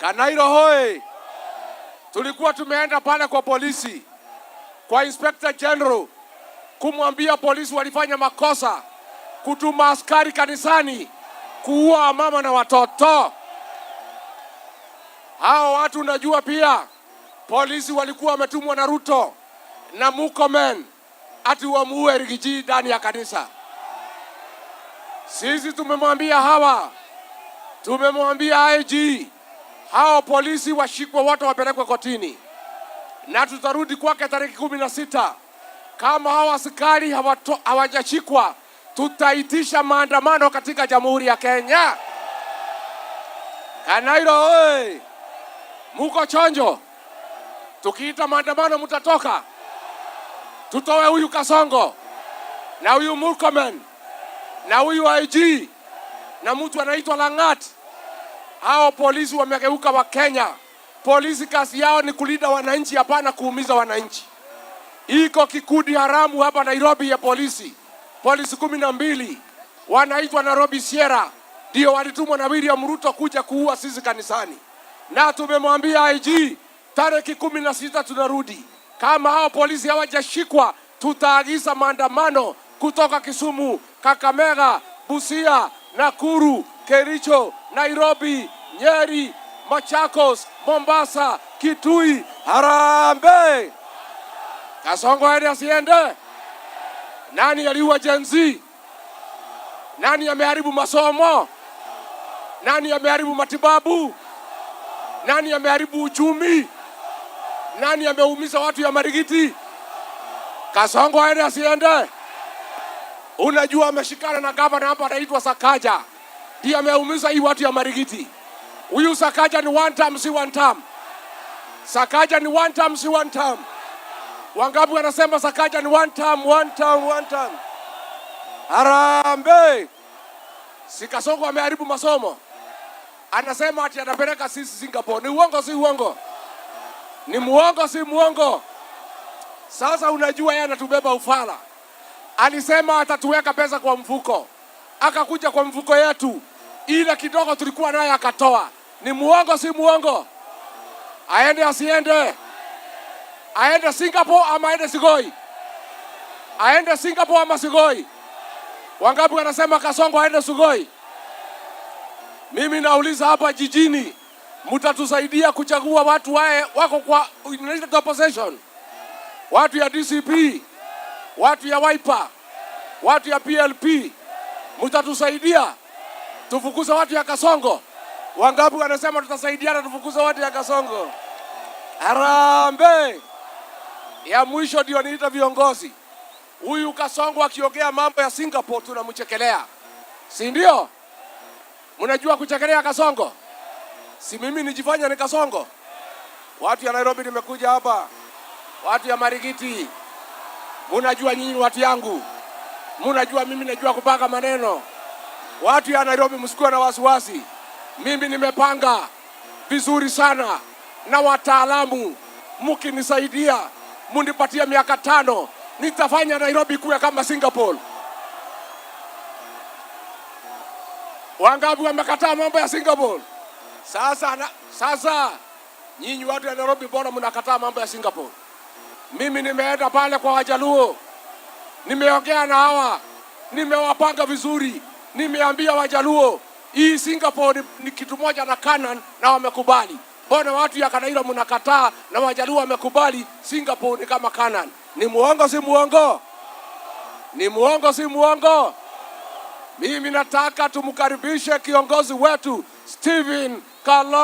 Kanairo hoi! Tulikuwa tumeenda pale kwa polisi, kwa Inspector General kumwambia polisi walifanya makosa kutuma askari kanisani kuua mama na watoto. Hao watu unajua, pia polisi walikuwa wametumwa na Ruto na mukomen ati wamuue Rigiji ndani ya kanisa. Sisi tumemwambia hawa, tumemwambia IG hao polisi washikwe wote, wapelekwe kotini, na tutarudi kwake tarehe kumi na sita. Kama hao askari hawajashikwa, tutaitisha maandamano katika Jamhuri ya Kenya. Kanairo oye, muko chonjo? Tukiita maandamano mutatoka? Tutoe huyu Kasongo na huyu Murkomen na huyu IG na mtu anaitwa Langat hao polisi wamegeuka wa kenya Polisi kazi yao ni kulinda wananchi, hapana kuumiza wananchi. Iko kikundi haramu hapa Nairobi ya polisi, polisi kumi na mbili wanaitwa Nairobi Sierra, ndio walitumwa na William Ruto kuja kuua sisi kanisani, na tumemwambia IG tarehe kumi na sita tunarudi. Kama hao polisi hawajashikwa, tutaagiza maandamano kutoka Kisumu, Kakamega, Busia, Nakuru, Kericho, Nairobi, Nyeri, Machakos, Mombasa, Kitui, harambe Kasongo aende asiende? Nani aliua Gen Z? Nani ameharibu masomo? Nani ameharibu matibabu? Nani ameharibu uchumi? Nani ameumiza watu ya Marigiti? Kasongo aende asiende? Unajua ameshikana na gavana hapa anaitwa Sakaja, ndiye ameumiza hii watu ya Marigiti. Huyu Sakaja ni one term, si one term. Sakaja ni one term, si one term. Wangapi wanasema Sakaja ni one term, one term, one term? Harambe. Si ameharibu masomo, anasema ati anapeleka sisi Singapore. Ni uongo, si uongo? Ni muongo, si muongo? Sasa unajua yeye anatubeba ufala. Alisema atatuweka pesa kwa mfuko, akakuja kwa mfuko yetu ile kidogo tulikuwa naye akatoa. Ni muongo, si muongo? Aende asiende? Aende Singapore ama aende Sigoi? Aende Singapore ama Sigoi? Wangapi wanasema Kasongo aende Sugoi? Mimi nauliza hapa jijini, mtatusaidia kuchagua watu wae wako kwa opposition, watu ya DCP, watu ya Wiper, watu ya PLP, mtatusaidia? tufukuze watu ya Kasongo. Wangapi wanasema tutasaidiana tufukuze watu ya Kasongo? arambe ya mwisho ndio niita viongozi. Huyu Kasongo akiongea mambo ya Singapore tunamchekelea, si ndio? Mnajua kuchekelea Kasongo? Si mimi nijifanya ni Kasongo? Watu ya Nairobi nimekuja hapa, watu ya Marigiti, munajua nyinyi watu yangu, munajua mimi najua kupaka maneno Watu ya Nairobi, msikuwe na wasiwasi. Mimi nimepanga vizuri sana na wataalamu, mkinisaidia munipatia miaka tano, nitafanya Nairobi kuwe kama Singapore. Wangapi wamekataa mambo ya Singapore? Sasa, na, sasa nyinyi watu ya Nairobi, bora mnakataa mambo ya Singapore? Mimi nimeenda pale kwa Wajaluo, nimeongea na hawa, nimewapanga vizuri nimeambia Wajaluo hii Singapore ni kitu moja na Canaan na wamekubali. Mbona watu ya Kanailo mnakataa na Wajaluo wamekubali Singapore ni kama Canaan? Ni muongo si muongo? Ni muongo si muongo? Mimi nataka tumkaribishe kiongozi wetu Stephen Kalonzo